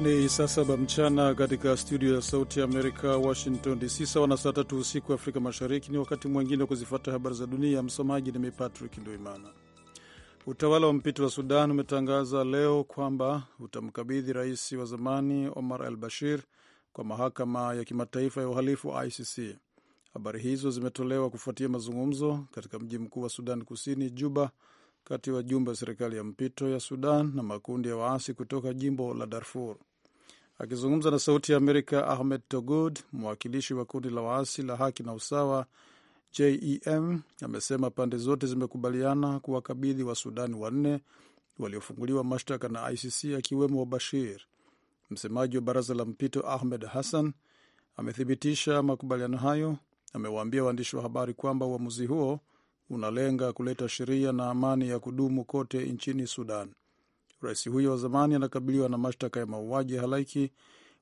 Ni saa saba mchana katika studio ya Sauti ya Amerika, Washington DC, sawa na saa tatu usiku Afrika Mashariki. Ni wakati mwingine wa kuzifata habari za dunia. Msomaji ni mimi Patrick Nduimana. Utawala wa mpito wa Sudan umetangaza leo kwamba utamkabidhi rais wa zamani Omar al Bashir kwa mahakama ya kimataifa ya uhalifu ICC. Habari hizo zimetolewa kufuatia mazungumzo katika mji mkuu wa Sudan Kusini, Juba, kati ya wajumbe wa serikali ya mpito ya Sudan na makundi ya waasi kutoka jimbo la Darfur. Akizungumza na Sauti ya Amerika, Ahmed Togod, mwakilishi wa kundi la waasi la Haki na Usawa JEM, amesema pande zote zimekubaliana kuwakabidhi Wasudani wanne waliofunguliwa mashtaka na ICC akiwemo Bashir. Msemaji wa baraza la mpito Ahmed Hassan amethibitisha makubaliano hayo. Amewaambia waandishi wa habari kwamba uamuzi huo unalenga kuleta sheria na amani ya kudumu kote nchini Sudan. Rais huyo wa zamani anakabiliwa na mashtaka ya mauaji halaiki,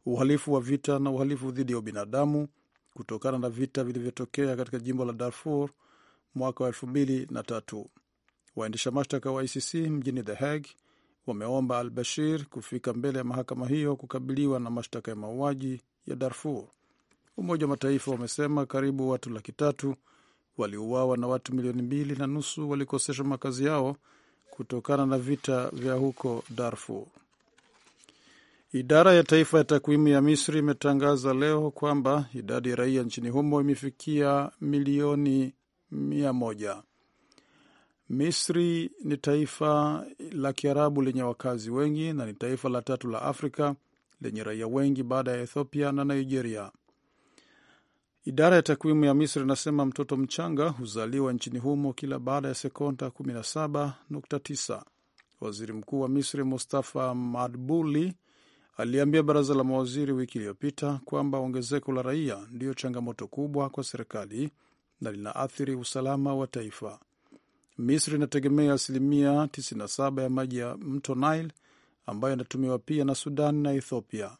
uhalifu wa vita na uhalifu dhidi ya ubinadamu kutokana na vita vilivyotokea katika jimbo la Darfur mwaka wa elfu mbili na tatu. Waendesha mashtaka wa ICC mjini The Hague wameomba Al Bashir kufika mbele ya mahakama hiyo kukabiliwa na mashtaka ya mauaji ya Darfur. Umoja wa Mataifa wamesema karibu watu laki tatu waliouawa na watu milioni mbili na nusu walikoseshwa makazi yao kutokana na vita vya huko Darfur. Idara ya Taifa ya Takwimu ya Misri imetangaza leo kwamba idadi ya raia nchini humo imefikia milioni mia moja. Misri ni taifa la Kiarabu lenye wakazi wengi na ni taifa la tatu la Afrika lenye raia wengi baada ya Ethiopia na Nigeria. Idara ya takwimu ya Misri inasema mtoto mchanga huzaliwa nchini humo kila baada ya sekonda 17.9. Waziri mkuu wa Misri Mustafa Madbuli aliambia baraza la mawaziri wiki iliyopita kwamba ongezeko la raia ndiyo changamoto kubwa kwa serikali na linaathiri usalama wa taifa. Misri inategemea asilimia 97 ya maji ya mto Nile ambayo inatumiwa pia na Sudan na Ethiopia.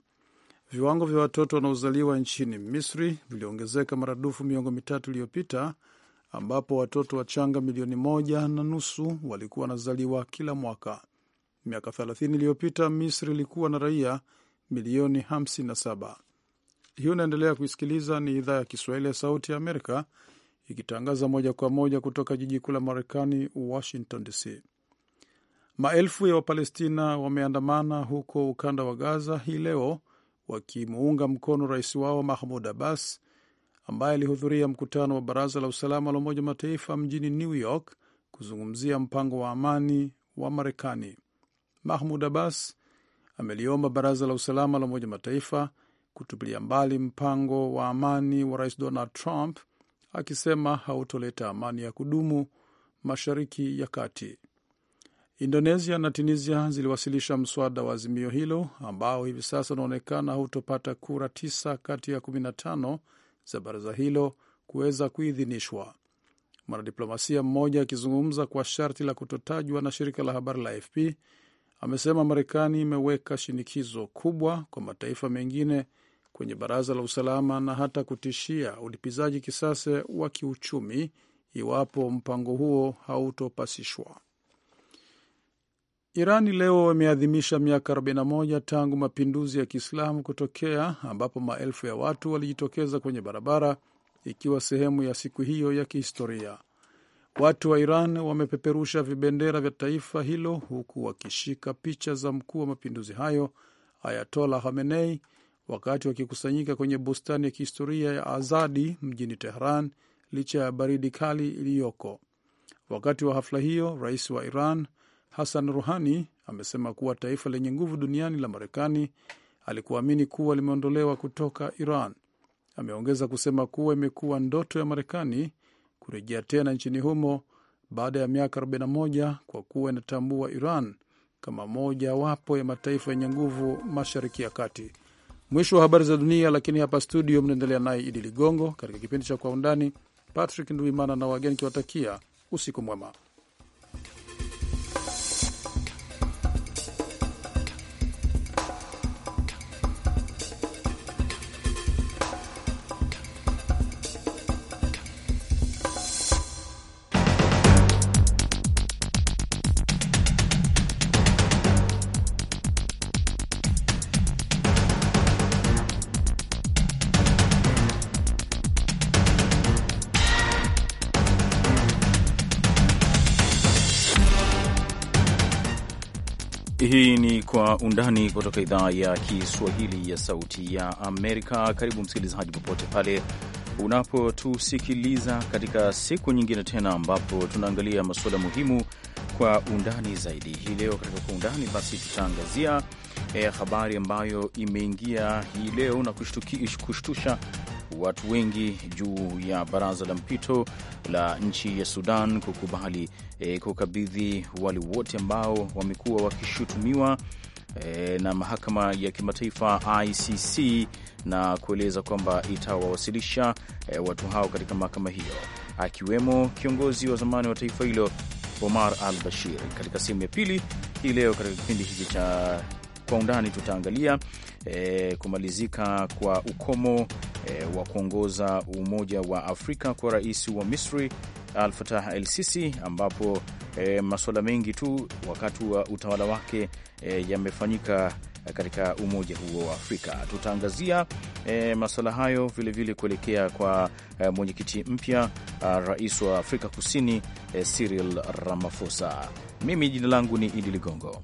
Viwango vya watoto wanaozaliwa nchini Misri viliongezeka maradufu miongo mitatu iliyopita, ambapo watoto wachanga milioni moja na nusu walikuwa wanazaliwa kila mwaka. Miaka 30 iliyopita Misri ilikuwa na raia milioni 57. hiyo inaendelea kuisikiliza, ni idhaa ya Kiswahili ya Sauti ya Amerika ikitangaza moja kwa moja kutoka jiji kuu la Marekani, Washington DC. Maelfu ya Wapalestina wameandamana huko ukanda wa Gaza hii leo wakimuunga mkono rais wao Mahmud Abbas ambaye alihudhuria mkutano wa baraza la usalama la Umoja wa Mataifa mjini New York kuzungumzia mpango wa amani wa Marekani. Mahmud Abbas ameliomba baraza la usalama la Umoja wa Mataifa kutupilia mbali mpango wa amani wa rais Donald Trump akisema hautoleta amani ya kudumu Mashariki ya Kati. Indonesia na Tunisia ziliwasilisha mswada wa azimio hilo ambao hivi sasa unaonekana hautopata kura tisa kati ya 15 za baraza hilo kuweza kuidhinishwa. Mwanadiplomasia mmoja akizungumza kwa sharti la kutotajwa na shirika la habari la AFP amesema Marekani imeweka shinikizo kubwa kwa mataifa mengine kwenye baraza la usalama na hata kutishia ulipizaji kisasi wa kiuchumi iwapo mpango huo hautopasishwa. Irani leo wameadhimisha miaka 41 tangu mapinduzi ya Kiislamu kutokea ambapo maelfu ya watu walijitokeza kwenye barabara ikiwa sehemu ya siku hiyo ya kihistoria. Watu wa Iran wamepeperusha vibendera vya taifa hilo huku wakishika picha za mkuu wa mapinduzi hayo Ayatola Khamenei wakati wakikusanyika kwenye bustani ya kihistoria ya Azadi mjini Tehran licha ya baridi kali iliyoko. Wakati wa hafla hiyo, rais wa Iran Hassan Ruhani amesema kuwa taifa lenye nguvu duniani la Marekani alikuamini kuwa limeondolewa kutoka Iran. Ameongeza kusema kuwa imekuwa ndoto ya Marekani kurejea tena nchini humo baada ya miaka 41 kwa kuwa inatambua Iran kama moja wapo ya mataifa yenye nguvu Mashariki ya Kati. Mwisho wa habari za dunia, lakini hapa studio mnaendelea naye Idi Ligongo katika kipindi cha Kwa Undani. Patrick Nduimana na wageni kiwatakia usiku mwema. Undani kutoka idhaa ya Kiswahili ya Sauti ya Amerika. Karibu msikilizaji, popote pale unapotusikiliza katika siku nyingine tena, ambapo tunaangalia masuala muhimu kwa undani zaidi. Hii leo katika Kwa Undani basi tutaangazia eh, habari ambayo imeingia hii leo na kushtusha watu wengi juu ya baraza la mpito la nchi ya Sudan kukubali e, kukabidhi wale wote ambao wamekuwa wakishutumiwa e, na mahakama ya kimataifa ICC na kueleza kwamba itawawasilisha e, watu hao katika mahakama hiyo akiwemo kiongozi wa zamani wa taifa hilo Omar al Bashir. Katika sehemu ya pili hii leo katika kipindi hiki cha kwa undani tutaangalia e, kumalizika kwa ukomo e, wa kuongoza Umoja wa Afrika kwa rais wa Misri alfatah El Sisi, ambapo e, masuala mengi tu wakati wa utawala wake e, yamefanyika katika umoja huo wa Afrika. Tutaangazia e, masuala hayo vilevile kuelekea kwa e, mwenyekiti mpya ah, rais wa Afrika Kusini e, Cyril Ramaphosa. Mimi jina langu ni Idi Ligongo.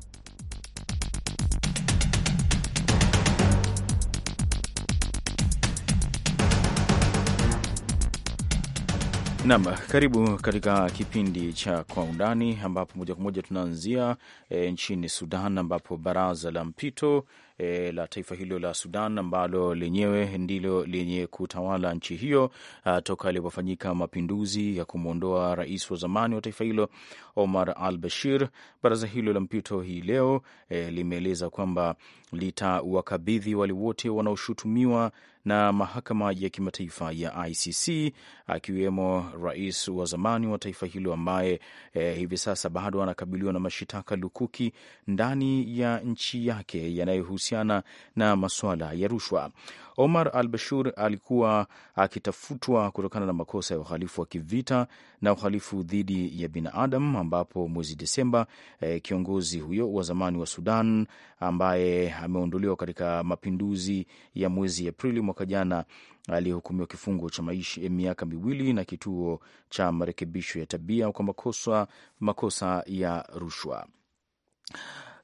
Nam, karibu katika kipindi cha Kwa Undani, ambapo moja kwa moja tunaanzia e, nchini Sudan, ambapo baraza la mpito e, la taifa hilo la Sudan ambalo lenyewe ndilo lenye kutawala nchi hiyo a, toka alipofanyika mapinduzi ya kumwondoa rais wa zamani wa taifa hilo Omar al Bashir. Baraza hilo la mpito hii leo e, limeeleza kwamba litawakabidhi wale wote wanaoshutumiwa na mahakama ya kimataifa ya ICC akiwemo rais wa zamani wa taifa hilo ambaye e, hivi sasa bado anakabiliwa na mashitaka lukuki ndani ya nchi yake yanayohusu kuhusiana na masuala ya rushwa. Omar al bashur alikuwa akitafutwa kutokana na makosa ya uhalifu wa kivita na uhalifu dhidi ya binadamu, ambapo mwezi Desemba eh, kiongozi huyo wa zamani wa Sudan ambaye ameondolewa katika mapinduzi ya mwezi Aprili mwaka jana aliyehukumiwa kifungo cha maisha eh, miaka miwili na kituo cha marekebisho ya tabia kwa makosa, makosa ya rushwa.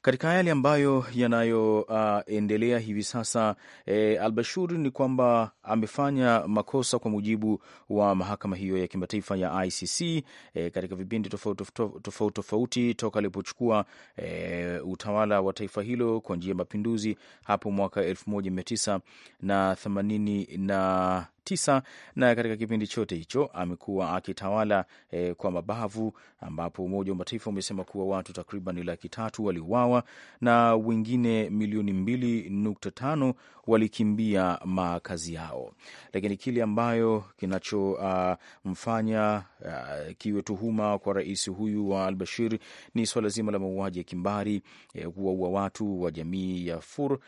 Katika yale ambayo yanayoendelea ah, uh, hivi sasa e, eh, Albashur ni kwamba amefanya makosa kwa mujibu wa mahakama hiyo ya kimataifa ya ICC e, eh, katika vipindi tofauti tofauti tofauti toka alipochukua e, utawala wa taifa hilo kwa njia ya mapinduzi hapo mwaka elfu moja mia tisa na themanini na tisa na katika kipindi chote hicho amekuwa akitawala e, kwa mabavu, ambapo Umoja wa Mataifa umesema kuwa watu takriban laki tatu waliuawa na wengine milioni mbili nukta tano walikimbia makazi yao. Lakini kile ambayo kinachomfanya ah, uh, ah, uh, kiwe tuhuma kwa rais huyu wa al bashir ni swala zima la mauaji ya kimbari eh, kuwaua watu wa jamii ya Fur, uh,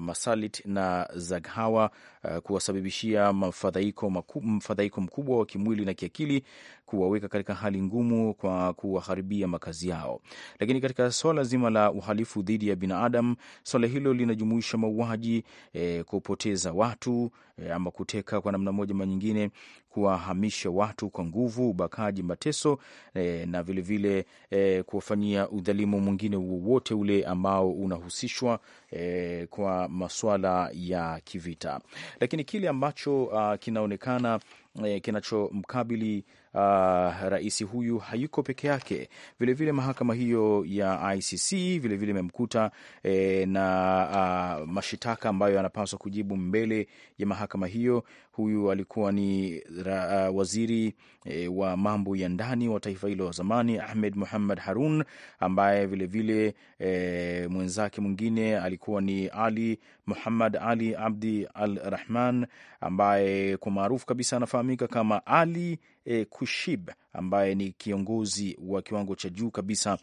Masalit na Zaghawa, uh, kuwasababishia mafadhaiko, mfadhaiko mkubwa wa kimwili na kiakili, kuwaweka katika hali ngumu kwa kuwaharibia makazi yao. Lakini katika swala zima la uhalifu dhidi ya binadamu, swala hilo linajumuisha mauaji, e, kupoteza watu e, ama kuteka kwa namna moja manyingine, kuwahamisha watu kwa nguvu, ubakaji, mateso e, na vilevile e, kuwafanyia udhalimu mwingine wowote ule ambao unahusishwa e, kwa masuala ya kivita. Lakini kile ambacho uh, kinaonekana e, kinachomkabili uh, rais huyu hayuko peke yake. Vilevile mahakama hiyo ya ICC vilevile imemkuta vile eh, na uh, mashitaka ambayo anapaswa kujibu mbele ya mahakama hiyo. Huyu alikuwa ni ra, uh, waziri eh, wa mambo ya ndani wa taifa hilo wa zamani Ahmed Muhammad Harun, ambaye vilevile vile, eh, mwenzake mwingine alikuwa ni Ali Muhammad Ali Abdi Al Rahman ambaye kwa maarufu kabisa anafahamika kama Ali e, Kushib ambaye ni kiongozi wa kiwango cha juu kabisa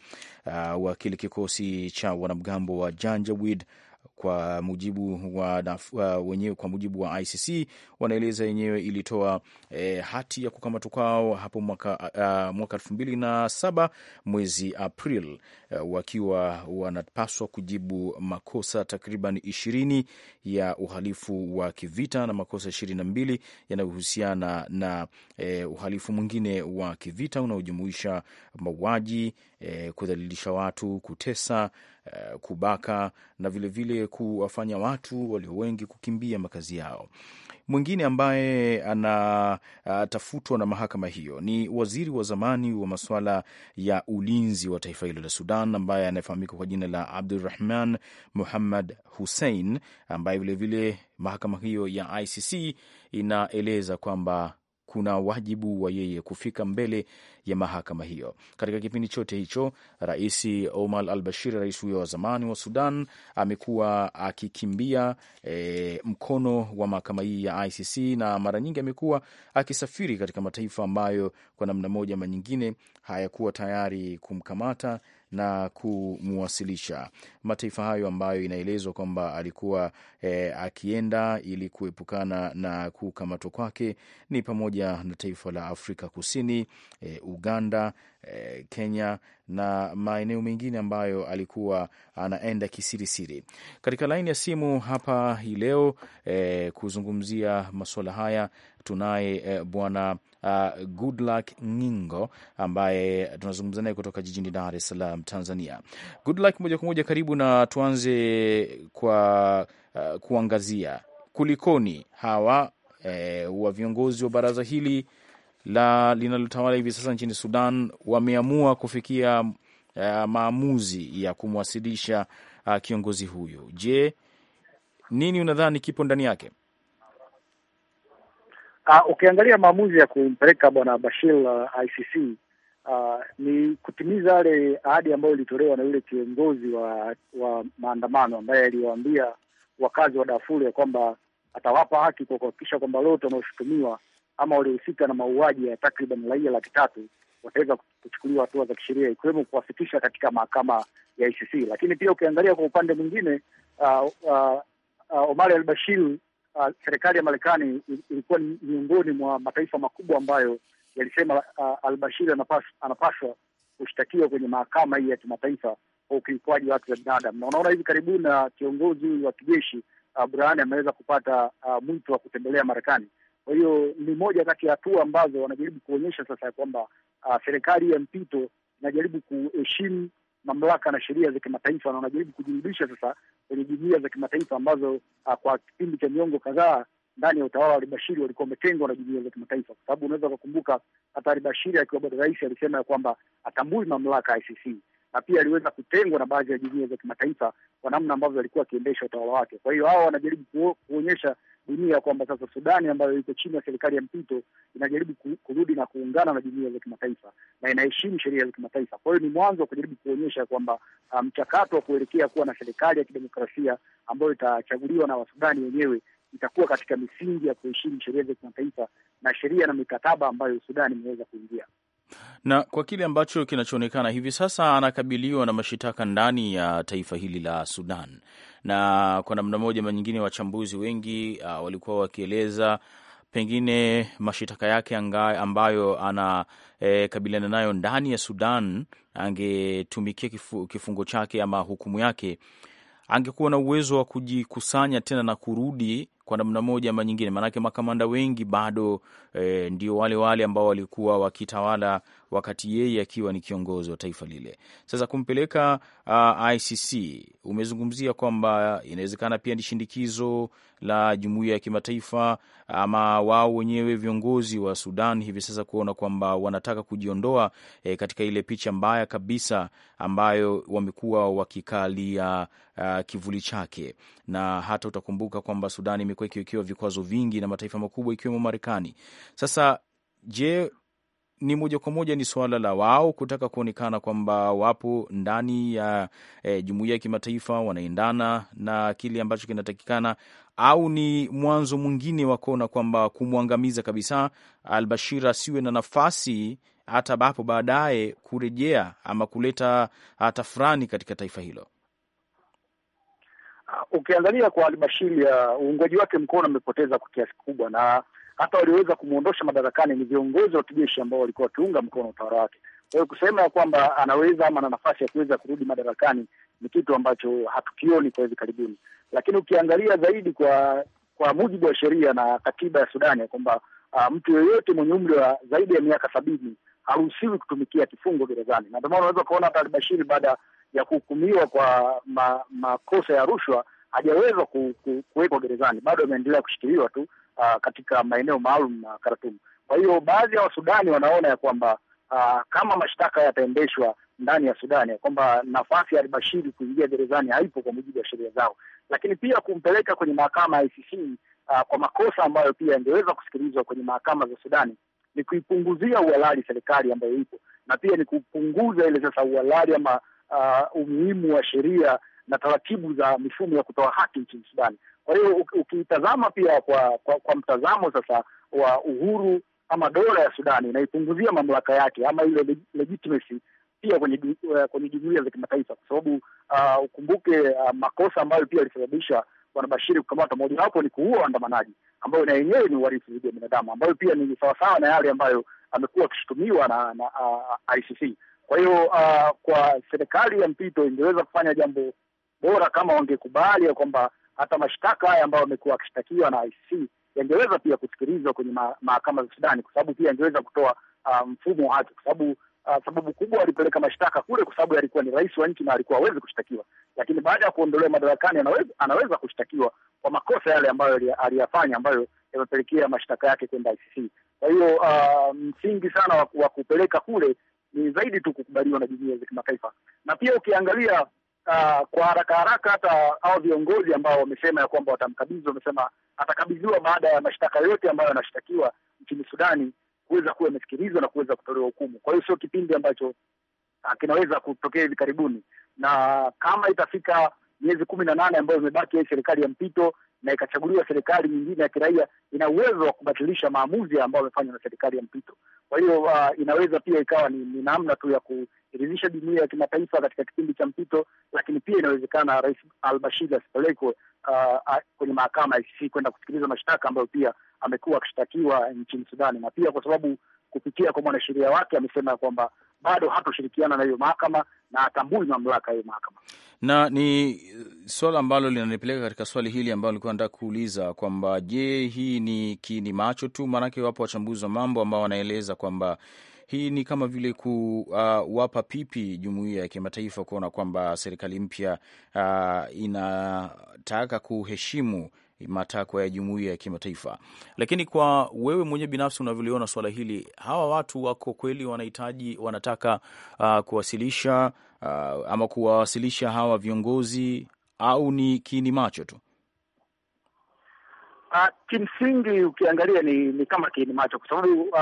uh, wa kile kikosi cha wanamgambo wa Janjawid kwa mujibu wa, uh, wenyewe kwa mujibu wa ICC wanaeleza yenyewe ilitoa eh, hati ya kukamatwa kwao hapo mwaka ah, mwaka elfu mbili na saba mwezi April uh, wakiwa wanapaswa kujibu makosa takriban ishirini ya uhalifu wa kivita na makosa ishirini na mbili yanayohusiana na eh, uhalifu mwingine wa kivita unaojumuisha mauaji e, kudhalilisha watu, kutesa, e, kubaka na vilevile vile kuwafanya watu walio wengi kukimbia makazi yao. Mwingine ambaye anatafutwa na mahakama hiyo ni waziri wa zamani wa masuala ya ulinzi wa taifa hilo la Sudan, ambaye anayefahamika kwa jina la Abdurahman Muhammad Hussein, ambaye vilevile mahakama hiyo ya ICC inaeleza kwamba kuna wajibu wa yeye kufika mbele ya mahakama hiyo. Katika kipindi chote hicho, Rais Omar al Bashir, rais huyo wa zamani wa Sudan, amekuwa akikimbia e, mkono wa mahakama hii ya ICC na mara nyingi amekuwa akisafiri katika mataifa ambayo kwa namna moja ama nyingine hayakuwa tayari kumkamata na kumwasilisha. Mataifa hayo ambayo inaelezwa kwamba alikuwa e, akienda ili kuepukana na kukamatwa kwake ni pamoja na taifa la Afrika Kusini, e, Uganda, e, Kenya na maeneo mengine ambayo alikuwa anaenda kisirisiri. Katika laini ya simu hapa hii leo e, kuzungumzia masuala haya tunaye e, bwana uh, Goodluck Ngingo ambaye tunazungumza naye kutoka jijini Dar es Salaam, Tanzania. Goodluck, moja kwa moja karibu na tuanze kwa uh, kuangazia kulikoni hawa eh, wa viongozi wa baraza hili la linalotawala hivi sasa nchini Sudan wameamua kufikia uh, maamuzi ya kumwasilisha uh, kiongozi huyu. Je, nini unadhani kipo ndani yake? Uh, ukiangalia maamuzi ya kumpeleka bwana Bashir uh, ICC uh, ni kutimiza yale ahadi ambayo ilitolewa na yule kiongozi wa wa maandamano ambaye aliwaambia wakazi wa Darfur ya kwamba atawapa haki kwa kuhakikisha kwamba lote wanaoshutumiwa ama waliohusika na mauaji ya takriban raia laki tatu wataweza kuchukuliwa hatua za kisheria ikiwemo kuwafikisha katika mahakama ya ICC. Lakini pia ukiangalia kwa upande mwingine uh, uh, uh, Omar al-Bashir uh, serikali ya Marekani ilikuwa ni miongoni mwa mataifa makubwa ambayo yalisema uh, ah, Albashiri anapaswa, kushtakiwa kwenye mahakama hii ya kimataifa kwa ukiukwaji wa haki za binadamu, na unaona hivi karibuni na kiongozi huyu wa kijeshi uh, Burhani ameweza kupata uh, mwito wa kutembelea Marekani. Kwa hiyo ni moja kati ya hatua ambazo wanajaribu kuonyesha sasa ya kwamba uh, serikali ya mpito inajaribu kuheshimu mamlaka na sheria za kimataifa na wanajaribu kujirudisha sasa kwenye jumuia za kimataifa ambazo ah, kwa kipindi cha miongo kadhaa ndani ya utawala wa Albashiri walikuwa wametengwa na jumuia za kimataifa, kwa sababu unaweza ukakumbuka hata Albashiri akiwa bado rais alisema ya kwamba atambui mamlaka ya ICC na pia aliweza kutengwa na baadhi ya jumuia za kimataifa kwa namna ambavyo alikuwa akiendesha utawala wake. Kwa hiyo hawa wanajaribu kuonyesha dunia kwamba sasa Sudani ambayo iko chini ya serikali ya mpito inajaribu kurudi na kuungana na jumuiya za kimataifa na inaheshimu sheria za kimataifa. Kwa hiyo ni mwanzo wa kujaribu kuonyesha kwamba uh, mchakato um, wa kuelekea kuwa na serikali ya kidemokrasia ambayo itachaguliwa na Wasudani wenyewe itakuwa katika misingi ya kuheshimu sheria za kimataifa na sheria na mikataba ambayo Sudani imeweza kuingia na kwa kile ambacho kinachoonekana hivi sasa anakabiliwa na mashitaka ndani ya taifa hili la Sudan, na kwa namna moja ama nyingine wachambuzi wengi uh, walikuwa wakieleza pengine mashitaka yake ambayo anakabiliana eh, e, nayo ndani ya Sudan, angetumikia kifu, kifungo chake ama hukumu yake, angekuwa na uwezo wa kujikusanya tena na kurudi kwa namna moja ama nyingine, maanake makamanda wengi bado e, ndio wale wale ambao walikuwa wakitawala wakati yeye akiwa ni kiongozi wa taifa lile. Sasa kumpeleka uh, ah, ICC, umezungumzia kwamba inawezekana pia ni shindikizo la jumuiya ya kimataifa ama wao wenyewe viongozi wa Sudan hivi sasa kuona kwamba wanataka kujiondoa e, katika ile picha mbaya kabisa ambayo wamekuwa wakikalia uh, kivuli chake, na hata utakumbuka kwamba Sudan ime imekuwa ikiwekewa vikwazo vingi na mataifa makubwa ikiwemo Marekani. Sasa je, ni moja kwa moja ni suala la wao kutaka kuonekana kwamba wapo ndani ya e, jumuiya ya kimataifa wanaendana na kile ambacho kinatakikana, au ni mwanzo mwingine wa kuona kwamba kumwangamiza kabisa al-Bashir asiwe na nafasi hata hapo baadaye kurejea ama kuleta ah, tafurani katika taifa hilo? Uh, ukiangalia kwa Albashiri ya uungwaji wake mkono amepoteza kwa kiasi kikubwa, na hata walioweza kumwondosha madarakani ni viongozi wa kijeshi ambao walikuwa wakiunga mkono utawala wake. Kwa hiyo kusema ya kwamba anaweza ama ana nafasi ya kuweza kurudi madarakani ni kitu ambacho hatukioni kwa hivi karibuni, lakini ukiangalia zaidi kwa kwa mujibu wa sheria na katiba ya Sudani ya kwamba uh, mtu yeyote mwenye umri wa zaidi ya miaka sabini haruhusiwi kutumikia kifungo gerezani, na ndio maana unaweza ukaona hata Albashiri baada ya kuhukumiwa kwa ma, makosa ya rushwa hajaweza ku, ku, kuwekwa gerezani, bado ameendelea kushikiliwa tu uh, katika maeneo maalum na Khartoum. Kwa hiyo baadhi ya Wasudani wanaona ya kwamba uh, kama mashtaka yataendeshwa ndani ya Sudani ya kwamba nafasi ya Albashiri kuingia gerezani haipo kwa mujibu wa sheria zao, lakini pia kumpeleka kwenye mahakama ya ICC uh, ah, kwa makosa ambayo pia yangeweza kusikilizwa kwenye mahakama za Sudani ni kuipunguzia uhalali serikali ambayo ipo na pia ni kupunguza ile sasa uhalali ama uh, umuhimu wa sheria na taratibu za mifumo ya kutoa haki nchini Sudani. Kwa hiyo ukitazama pia kwa, kwa, kwa mtazamo sasa wa uhuru ama dola ya Sudani inaipunguzia mamlaka yake ama ile legitimacy pia kwenye eh, kwenye jumuiya za kimataifa, kwa sababu uh, ukumbuke uh, makosa ambayo pia alisababisha Bwana Bashiri kukamatwa, mojawapo ni kuua waandamanaji, ambayo na yenyewe ni uhalifu dhidi ya binadamu, ambayo pia ni sawasawa na yale ambayo amekuwa akishutumiwa na, na uh, ICC. Kwa hiyo uh, kwa serikali ya mpito ingeweza kufanya jambo bora kama wangekubali kwamba hata mashtaka haya ambayo wamekuwa wakishtakiwa na ICC yangeweza pia kusikilizwa kwenye mahakama za Sudani, kwa sababu pia yangeweza kutoa uh, mfumo wa haki, kwa sababu uh, sababu kubwa walipeleka mashtaka kule kwa sababu alikuwa ni rais wa nchi na alikuwa hawezi kushtakiwa, lakini baada ya kuondolewa madarakani anaweza, anaweza kushtakiwa kwa makosa yale ambayo aliyafanya ambayo yamepelekea mashtaka yake kwenda ICC. Kwa hiyo uh, msingi sana wa kupeleka kule ni zaidi tu kukubaliwa na jumuiya za kimataifa. Na pia ukiangalia uh, kwa haraka haraka hata hao viongozi ambao wamesema ya kwamba watamkabidhi, wamesema atakabidhiwa baada ya mashtaka yote ambayo yanashtakiwa nchini Sudani kuweza kuwa amesikilizwa na kuweza kutolewa hukumu. Kwa hiyo sio kipindi ambacho uh, kinaweza kutokea hivi karibuni, na kama itafika miezi kumi na nane ambayo imebaki hii serikali ya mpito na ikachaguliwa serikali nyingine ya kiraia, ina uwezo wa kubatilisha maamuzi ambayo amefanywa na serikali ya mpito. Kwa hiyo uh, inaweza pia ikawa ni, ni namna tu ya kuridhisha jumuia ya kimataifa katika kipindi cha mpito, lakini pia inawezekana Rais al-Bashir asipelekwe uh, kwenye mahakama ya ICC kwenda kusikiliza mashtaka ambayo pia amekuwa akishtakiwa nchini Sudani, na pia kwa sababu kupitia kwa mwanasheria wake amesema kwamba bado hatoshirikiana na hiyo mahakama na atambui mamlaka hiyo mahakama. Na ni eh, swala ambalo linanipeleka katika swali hili ambalo nilikuwa nataka kuuliza kwamba je, hii ni kiini macho tu? Maanake wapo wachambuzi wa mambo ambao wanaeleza kwamba hii ni kama vile kuwapa ah, uh, pipi jumuiya ya kimataifa kuona kwamba serikali mpya uh, inataka kuheshimu matakwa ya jumuiya ya kimataifa. Lakini kwa wewe mwenyewe binafsi unavyoliona swala hili, hawa watu wako kweli wanahitaji, wanataka uh, kuwasilisha uh, ama kuwawasilisha hawa viongozi au ni kiini macho tu? Uh, kimsingi ukiangalia ni, ni kama kiini macho kwa sababu uh,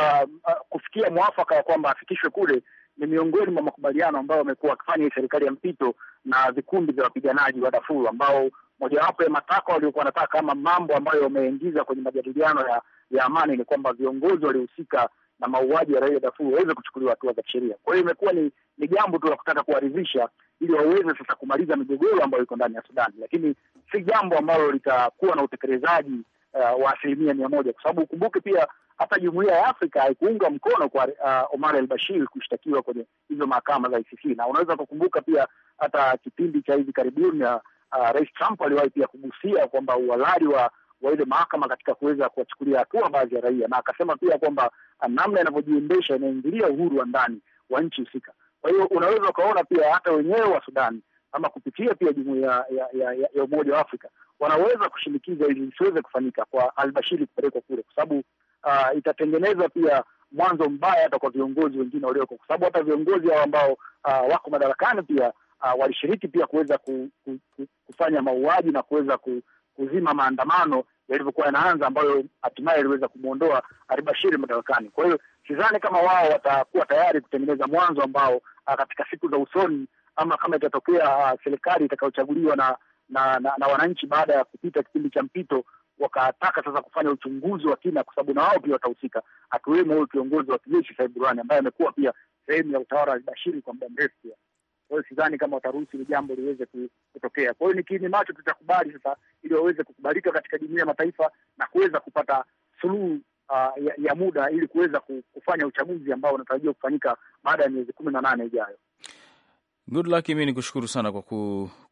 uh, kufikia mwafaka ya kwamba afikishwe kule ni miongoni mwa makubaliano ambayo wamekuwa wakifanya serikali ya mpito na vikundi vya wapiganaji wa Darfur ambao mojawapo ya matakwa waliokuwa wanataka ama mambo ambayo wameingiza kwenye majadiliano ya, ya amani ni kwamba viongozi waliohusika na mauaji ya raia Dafu waweze kuchukuliwa hatua za kisheria. Kwa hiyo imekuwa ni, ni jambo tu la kutaka kuwaridhisha ili waweze sasa kumaliza migogoro ambayo iko ndani ya Sudani, lakini si jambo ambalo litakuwa na utekelezaji uh, wa asilimia mia moja, kwa sababu ukumbuke pia hata jumuiya ya Afrika haikuunga mkono kwa uh, Omar al Bashir kushtakiwa kwenye hizo mahakama za ICC, na unaweza kukumbuka pia hata kipindi cha hivi karibuni uh, uh, Rais Trump aliwahi pia kugusia kwamba uhalali wa wa ile mahakama katika kuweza kuwachukulia hatua baadhi ya raia, na akasema pia kwamba ah, namna inavyojiendesha inaingilia uhuru wa ndani wa nchi husika. Kwa hiyo unaweza ukaona pia hata wenyewe wa Sudani ama kupitia pia jumuiya ya, ya, ya, ya Umoja wa Afrika wanaweza kushinikiza ili isiweze kufanyika kwa Albashiri kupelekwa kule, kwa sababu uh, itatengeneza pia mwanzo mbaya hata kwa viongozi wengine walioko, kwa sababu hata viongozi hao ambao uh, wako madarakani pia uh, walishiriki pia kuweza ku, ku, ku, kufanya mauaji na kuweza ku, kuzima maandamano yalivyokuwa yanaanza, ambayo hatimaye yaliweza kumwondoa Albashiri madarakani. Kwa hiyo sidhani kama wao watakuwa tayari kutengeneza mwanzo ambao ah, katika siku za usoni ama kama itatokea ah, serikali itakayochaguliwa na na, na, na wananchi baada ya kupita kipindi cha mpito wakataka sasa kufanya uchunguzi wa kina, kwa sababu na wao pia watahusika, akiwemo huyo kiongozi wa kijeshi Said ambaye amekuwa pia sehemu ya utawala wa Albashiri kwa muda mrefu pia. Kwa hiyo sidhani kama wataruhusu hili jambo liweze kutokea. Kwa hiyo ni kiini macho tutakubali sasa, ili waweze kukubalika katika jumuiya ya Mataifa na kuweza kupata suluhu uh, ya, ya muda ili kuweza kufanya uchaguzi ambao unatarajiwa kufanyika baada ya miezi kumi na nane ijayo. Good luck, ni kushukuru sana kwa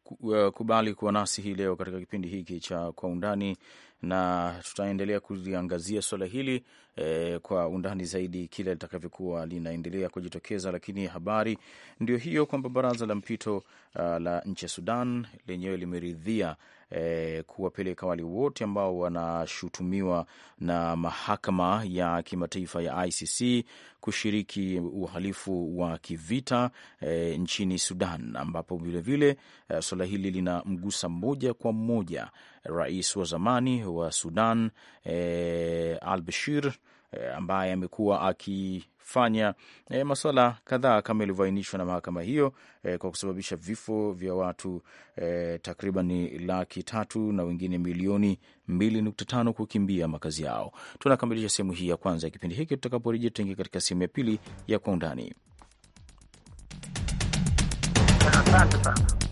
kukubali eh, kuwa nasi hii leo katika kipindi hiki cha kwa undani na tutaendelea kuliangazia suala hili e, kwa undani zaidi kila litakavyokuwa linaendelea kujitokeza. Lakini habari ndio hiyo kwamba baraza la mpito uh, la nchi ya Sudan lenyewe limeridhia e, kuwapeleka wale wote ambao wanashutumiwa na mahakama ya kimataifa ya ICC kushiriki uhalifu wa kivita e, nchini Sudan, ambapo vilevile suala hili linamgusa moja kwa moja rais wa zamani wa Sudan e, al Bashir e, ambaye amekuwa akifanya e, masuala kadhaa kama ilivyoainishwa na mahakama hiyo e, kwa kusababisha vifo vya watu e, takriban laki tatu na wengine milioni 2.5 kukimbia makazi yao. Tunakamilisha sehemu hii ya kwanza ya kipindi hiki. Tutakaporejea tutaingia katika sehemu ya pili ya kwa undani. Asante sana.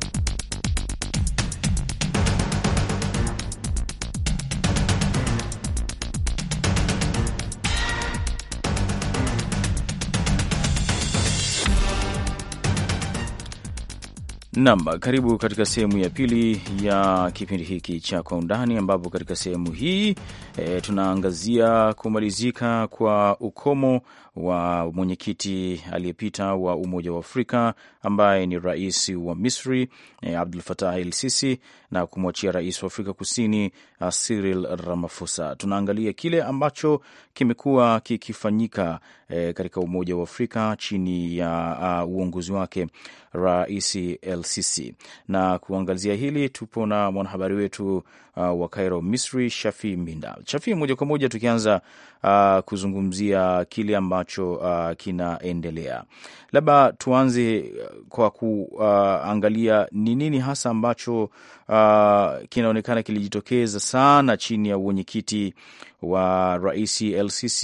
Nam, karibu katika sehemu ya pili ya kipindi hiki cha Kwa Undani, ambapo katika sehemu hii e, tunaangazia kumalizika kwa ukomo wa mwenyekiti aliyepita wa Umoja wa Afrika ambaye ni rais wa Misri eh, Abdul Fatah El Sisi na kumwachia rais wa Afrika Kusini siril Cyril Ramaphosa. Tunaangalia kile ambacho kimekuwa kikifanyika eh, katika Umoja wa Afrika chini ya uh, uongozi wake Rais El Sisi, na kuangazia hili tupo na mwanahabari wetu uh, wa Cairo, Misri, Shafi Minda. Shafi, moja kwa moja tukianza uh, kuzungumzia kile ambacho uh, kinaendelea. Labda tuanze uh, kwa kuangalia uh, ni nini hasa ambacho uh, kinaonekana kilijitokeza sana chini ya uwenyekiti wa Rais lcc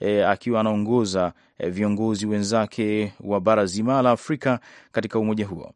eh, akiwa anaongoza eh, viongozi wenzake wa bara zima la Afrika katika umoja huo.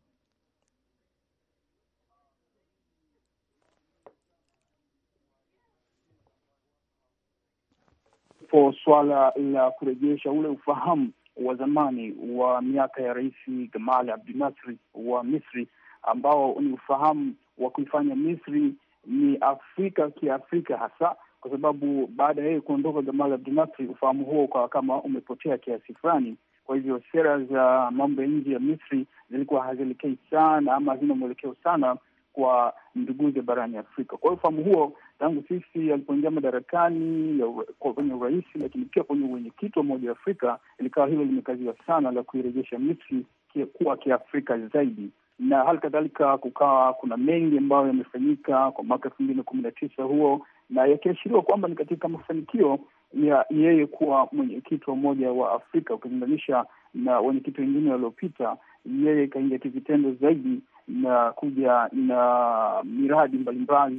ndipo swala la kurejesha ule ufahamu wa zamani wa miaka ya Rais Gamal Abdel Nasser wa Misri, ambao ni ufahamu wa kuifanya Misri ni Afrika kiafrika hasa kwa sababu baada ya yeye kuondoka Gamal Abdel Nasser, ufahamu huo ukawa kama umepotea kiasi fulani. Kwa hivyo sera za mambo ya nje ya Misri zilikuwa hazielekei sana ama hazina mwelekeo sana kwa nduguze barani Afrika. Kwa hiyo ufahamu huo tangu sisi alipoingia madarakani kwenye urais, lakini pia kwenye uwenyekiti wa Umoja wa Afrika, likawa hilo limekaziwa sana la kuirejesha Misri kuwa kiafrika zaidi, na hali kadhalika kukawa kuna mengi ambayo yamefanyika kwa mwaka elfu mbili na kumi na tisa huo, na yakiashiriwa kwamba ni katika mafanikio ya yeye kuwa mwenyekiti wa Umoja wa Afrika ukilinganisha na wenyekiti wengine waliopita yeye ikaingia kivitendo zaidi na kuja na miradi mbalimbali,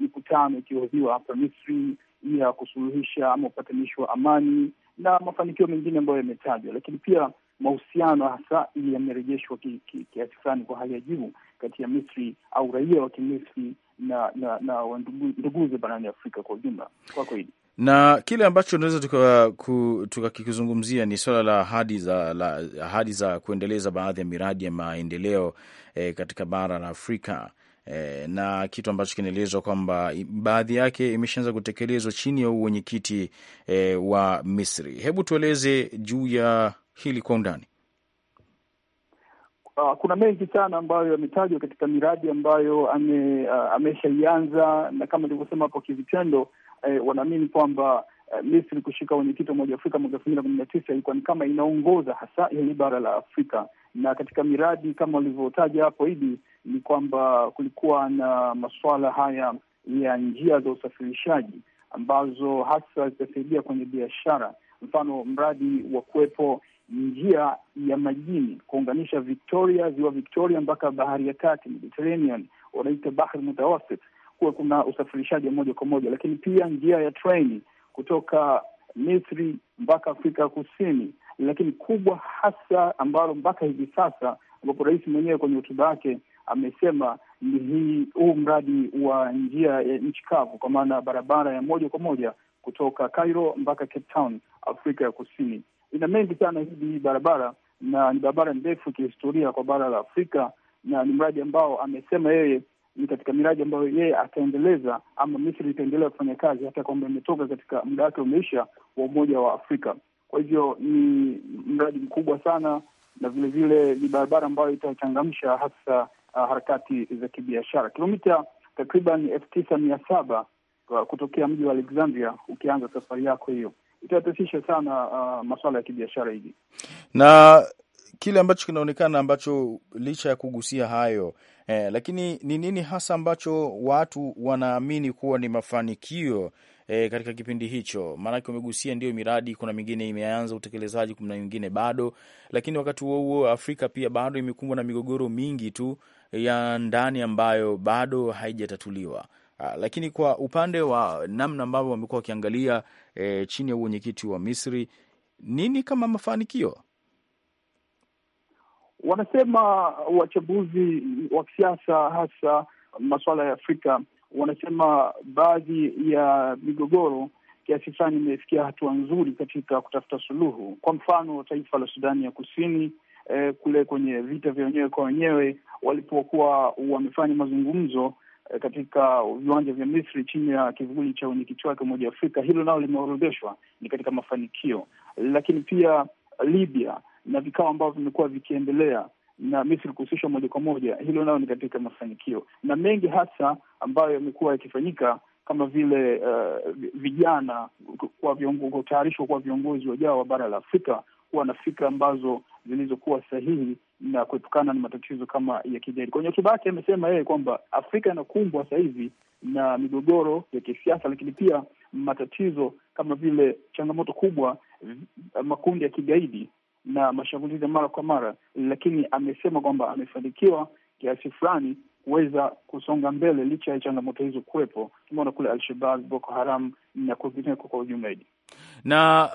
mikutano ikihojiwa hapa Misri ya kusuluhisha ama upatanishi wa amani na mafanikio mengine ambayo yametajwa, lakini pia mahusiano hasa yamerejeshwa kiasi fulani kwa hali ya juu kati ya Misri au raia wa Kimisri na na, na nduguze barani Afrika kwa ujumla. Kwako hili na kile ambacho tunaweza tukakizungumzia tuka ni swala la ahadi za, la ahadi za kuendeleza baadhi ya miradi ya maendeleo e, katika bara la Afrika e, na kitu ambacho kinaelezwa kwamba baadhi yake imeshaanza kutekelezwa chini ya uwenyekiti e, wa Misri. Hebu tueleze juu ya hili kwa undani. Ah, kuna mengi sana ambayo yametajwa katika miradi ambayo ame, ah, ameshaianza na kama nilivyosema hapo kivitendo eh, wanaamini kwamba eh, Misri kushika wenyekiti wa Umoja wa Afrika mwaka elfu mbili na kumi na tisa ilikuwa ni kama inaongoza hasa hili bara la Afrika, na katika miradi kama walivyotaja hapo Idi ni kwamba kulikuwa na masuala haya ya njia za usafirishaji ambazo hasa zitasaidia kwenye biashara, mfano mradi wa kuwepo njia ya majini kuunganisha Victoria, ziwa Victoria mpaka bahari ya kati Mediterranean, wanaita bahar mutawasit kuwe kuna usafirishaji moja kwa moja, lakini pia njia ya treni kutoka Misri mpaka Afrika ya Kusini. Lakini kubwa hasa ambalo mpaka hivi sasa ambapo rais mwenyewe kwenye hotuba yake amesema ni hii huu mradi wa njia ya nchi kavu, kwa maana barabara ya moja kwa moja kutoka Cairo mpaka Cape Town, Afrika ya Kusini. Ina mengi sana hii barabara na ni barabara ndefu kihistoria kwa bara la Afrika, na ni mradi ambao amesema yeye ni katika miradi ambayo yeye ataendeleza ama Misri itaendelea kufanya kazi hata kwamba imetoka katika muda wake umeisha wa Umoja wa Afrika. Kwa hivyo ni mradi mkubwa sana, na vilevile ni barabara ambayo itachangamsha hasa uh, harakati za kibiashara. Kilomita takriban elfu tisa mia saba uh, kutokea mji wa Alexandria, ukianza safari yako hiyo itarahisisha sana uh, masuala ya kibiashara hivi na kile ambacho kinaonekana ambacho licha ya kugusia hayo eh, lakini ni nini hasa ambacho watu wanaamini kuwa ni mafanikio eh, katika kipindi hicho maanake umegusia ndio miradi, kuna mingine imeanza utekelezaji, kuna mingine bado, lakini wakati huo huo Afrika pia bado imekumbwa na migogoro mingi tu ya ndani ambayo bado haijatatuliwa. Ah, lakini kwa upande wa namna ambavyo wamekuwa wakiangalia e, chini ya uwenyekiti wa Misri, nini kama mafanikio Wanasema wachambuzi wa kisiasa, hasa masuala ya Afrika, wanasema baadhi ya migogoro kiasi fulani imefikia hatua nzuri katika kutafuta suluhu. Kwa mfano, taifa la Sudani ya Kusini eh, kule kwenye vita vya wenyewe kwa wenyewe walipokuwa wamefanya mazungumzo eh, katika viwanja vya Misri chini ya kivuli cha wenyekiti wake Umoja wa Afrika, hilo nalo limeorodheshwa ni katika mafanikio. Lakini pia Libya na vikao ambavyo vimekuwa vikiendelea na Misri kuhusishwa moja kwa moja, hilo nayo ni katika mafanikio, na mengi hasa ambayo yamekuwa yakifanyika kama vile uh, vijana kwa kutayarishwa kwa viongozi wajao wa bara la Afrika kuwa na fikra ambazo zilizokuwa sahihi na kuepukana na matatizo kama ya kigaidi Kwenye hotuba yake amesema yeye kwamba Afrika inakumbwa sasa hivi na migogoro ya kisiasa, lakini pia matatizo kama vile changamoto kubwa, uh, makundi ya kigaidi na mashambulizi ya mara kwa mara, lakini amesema kwamba amefanikiwa kiasi fulani kuweza kusonga mbele licha ya changamoto hizo kuwepo. Tumeona kule Alshabab, Boko Haram na kwingineko kwa ujumla na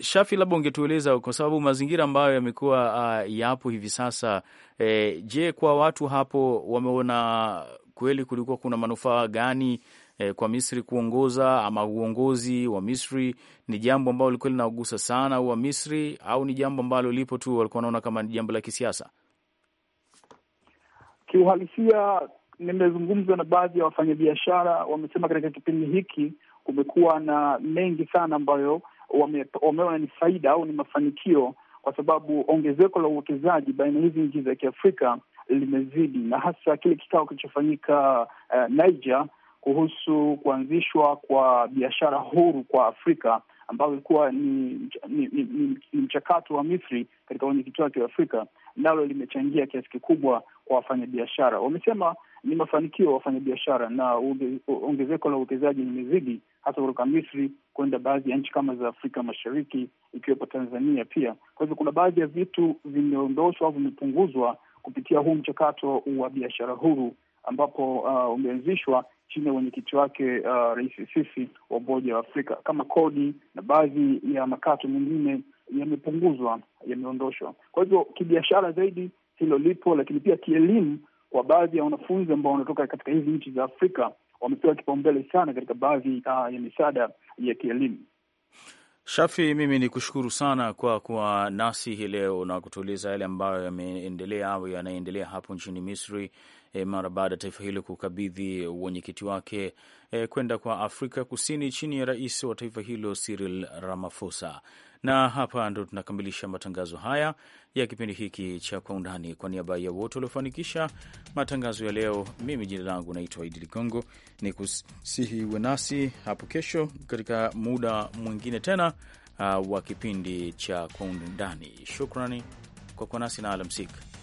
Shafi, labda ungetueleza kwa sababu mazingira ambayo yamekuwa uh, yapo hivi sasa eh, je, kwa watu hapo wameona kweli kulikuwa kuna manufaa gani e, kwa Misri kuongoza ama uongozi wa Misri ni jambo ambalo lilikuwa linagusa sana wa Misri au ni jambo ambalo lipo tu walikuwa wanaona kama ni jambo la kisiasa? Kiuhalisia, nimezungumza na baadhi ya wafanyabiashara, wamesema katika kipindi hiki kumekuwa na mengi sana ambayo wameona ni faida au ni mafanikio, kwa sababu ongezeko la uwekezaji baina hizi nchi za Kiafrika limezidi, na hasa kile kikao kilichofanyika uh, Niger kuhusu kuanzishwa kwa biashara huru kwa Afrika ambayo ilikuwa ni, ni, ni, ni, ni mchakato wa Misri katika wenyekiti wake wa Afrika, nalo limechangia kiasi kikubwa kwa wafanyabiashara. Wamesema ni mafanikio ya wafanyabiashara na ongezeko la uwekezaji ni mizidi hasa kutoka Misri kwenda baadhi ya nchi kama za Afrika Mashariki ikiwepo Tanzania pia. Kwa hivyo kuna baadhi ya vitu vimeondoshwa au vimepunguzwa kupitia huu mchakato wa biashara huru ambapo uh, umeanzishwa chini ya mwenyekiti wake uh, Rais Sisi wa Umoja wa Afrika. Kama kodi na baadhi ya makato mengine yamepunguzwa, yameondoshwa. Kwa hivyo kibiashara zaidi hilo lipo, lakini pia kielimu, kwa baadhi ya wanafunzi ambao wanatoka katika hizi nchi za Afrika wamepewa kipaumbele sana katika baadhi uh, ya misaada ya kielimu. Shafi, mimi ni kushukuru sana kwa kuwa nasi hii leo na kutueleza yale ambayo yameendelea au yanaendelea hapo nchini Misri e, mara baada ya taifa hilo kukabidhi uwenyekiti wake e, kwenda kwa Afrika Kusini chini ya rais wa taifa hilo Cyril Ramaphosa. Na hapa ndo tunakamilisha matangazo haya ya kipindi hiki cha Kwa Undani. Kwa niaba ya wote waliofanikisha matangazo ya leo, mimi jina langu naitwa Idi Ligongo, ni kusihi uwe nasi hapo kesho katika muda mwingine tena uh, wa kipindi cha Kwa Undani. Shukrani kwa kuwa nasi na alamsika.